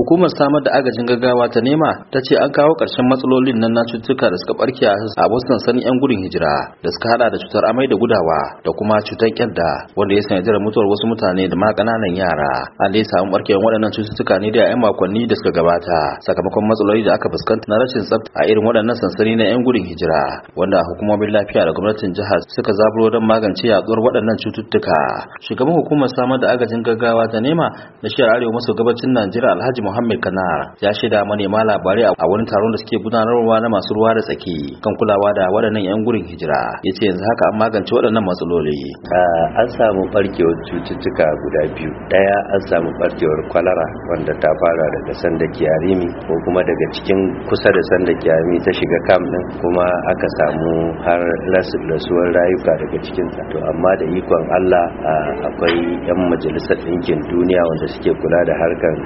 hukumar samar da agajin gaggawa ta nema ta ce an kawo ƙarshen matsalolin nan na cututtuka da suka barke a wasu sansanin yan gudun hijira da suka hada da cutar amai da gudawa da kuma cutar kyanda wanda ya sanadiyar mutuwar wasu mutane da ma ƙananan yara an dai samu barkewar waɗannan cututtuka ne da yan makonni da suka gabata sakamakon matsaloli da aka fuskanta na rashin tsafta a irin waɗannan sansani na yan gudun hijira wanda hukumomin lafiya da gwamnatin jihar suka zaburo don magance yaduwar waɗannan cututtuka shugaban hukumar samar da agajin gaggawa ta nema da shiyar arewa maso gabacin najeriya alhaji Muhammad Kanar ya shaida manema labarai a wani taron da suke gudanarwa na masu ruwa da tsaki kan kulawa da waɗannan 'yan gurin hijira. Ya ce yanzu haka an magance waɗannan matsaloli. An samu barkewar cututtuka guda biyu. Ɗaya an samu barkewar kwalara wanda ta fara daga sanda kiyarimi ko kuma daga cikin kusa da sanda kiyarimi ta shiga kam ɗin kuma aka samu har rasuwar rayuka daga cikin To amma da ikon Allah akwai 'yan majalisar ɗinkin duniya wanda suke kula da harkan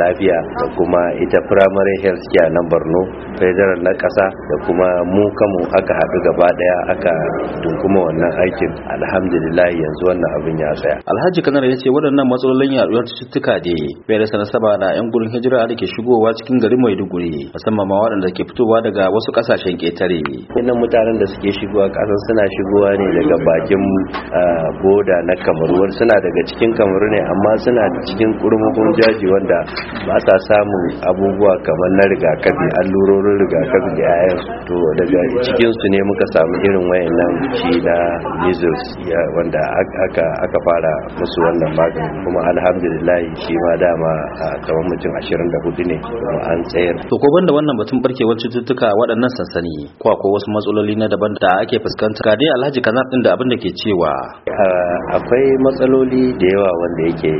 lafiya da kuma ita primary health care na borno federal na kasa da kuma mu kamun aka haɗu gaba daya aka dunkuma wannan aikin alhamdulillah yanzu wannan abin ya tsaya alhaji kanar ya ce waɗannan matsalolin yaduwar cututtuka da yi. bai da saba na yan gurin hijira da ke shigowa cikin garin maiduguri musamman ma waɗanda ke fitowa daga wasu kasashen ketare. wannan mutanen da suke shigowa ƙasar suna shigowa ne daga bakin boda na kamaru suna daga cikin kamaru ne amma suna cikin kurmukun jaji wanda ba sa samun abubuwa kamar na rigakafi allurorin rigakafi da yayan to daga cikinsu ne muka samu irin nan shi na measles wanda aka fara musu wannan maganin kuma alhamdulillah shi ma dama kamar mutum 24 ne kuma an tsayar to ko banda wannan batun barkewar cututtuka waɗannan sansani ko akwai wasu matsaloli na daban da ake fuskanta ka dai Alhaji kaza din da abin da ke cewa akwai matsaloli da yawa wanda yake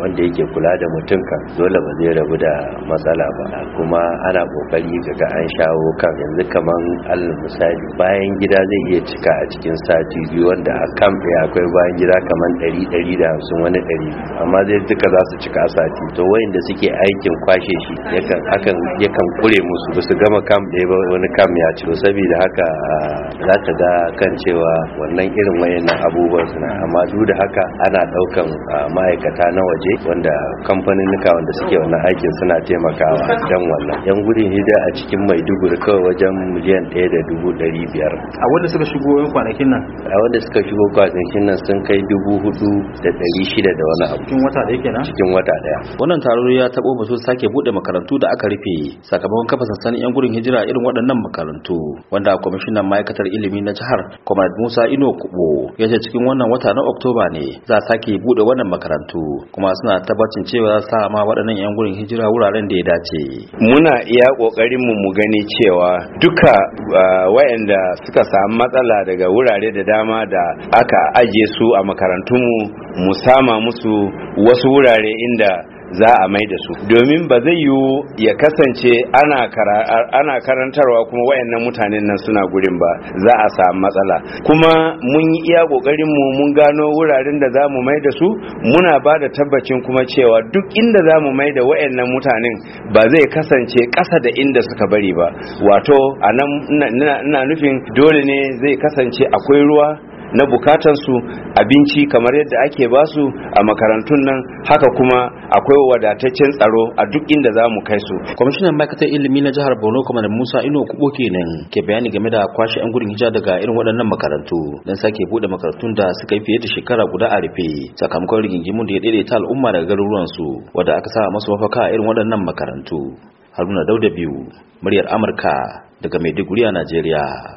wanda yake kula da mutum kan dole ba zai rabu da matsala ba kuma ana kokari daga an shawo kan yanzu kaman allah misali bayan gida zai iya cika a cikin sati biyu wanda a ya akwai bayan gida kaman 100 hamsin wani 100 amma zai duka za su cika a sati to wayanda suke aikin kwashe shi yakan kure musu ba su gama kam ɗaya ba wani kam ya ci saboda haka ah, za ta ga kan cewa wannan irin wayannan abubuwan suna amma duk da haka ana ɗaukan ah, ma'aikata na waje wanda kamfanin nuka waɗanda suke wannan aikin suna taimakawa don wannan yan gudun hijira a cikin maiduguri kawai wajen miliyan ɗaya da dubu ɗari biyar a wanda suka shigo yan kwanakin nan a wanda suka shigo kwanakin nan sun kai dubu hudu da ɗari shida da wani abu cikin wata ɗaya kenan cikin wata ɗaya wannan taron ya taɓo musu sake buɗe makarantu da aka rufe sakamakon kafa sassanin yan gudun hijira irin waɗannan makarantu wanda kwamishinan ma'aikatar ilimi na jihar kwamad musa ino kubo ya ce cikin wannan wata na oktoba ne za a sake buɗe wannan makarantu kuma suna tabbacin cewa za su sa ma waɗannan 'yan gurin hijira wuraren da ya dace muna iya ƙoƙarin mu mu gani cewa duka wayanda suka samu matsala daga wurare da dama da aka ajiye su a makarantunmu mu sama musu wasu wurare inda za a mai da su domin ba zai yiwu ya kasance ana karantarwa kuma wayannan mutanen nan suna gurin ba za a samu matsala kuma mun yi iya kokarin mu mun gano wuraren da za mu mai da su muna ba da tabbacin kuma cewa duk inda za mu mai da wayannan mutanen ba zai kasance ƙasa da inda suka bari ba wato a ina nufin dole ne zai kasance akwai ruwa na bukatansu abinci kamar yadda ake basu a makarantun nan haka kuma akwai wadataccen tsaro a duk inda za mu kai su kwamishinan ma'aikatar ilimi na jihar borno kuma da musa ino kubo kenan ke bayani game da kwashe an gudun hijira daga irin waɗannan makarantu don sake buɗe makarantun da suka yi fiye da shekara guda a rufe sakamakon rigingimu da ya daidaita al'umma daga garuruwansu wadda aka sa masu mafaka a irin waɗannan makarantu haruna dauda biyu muryar amurka daga maiduguri a najeriya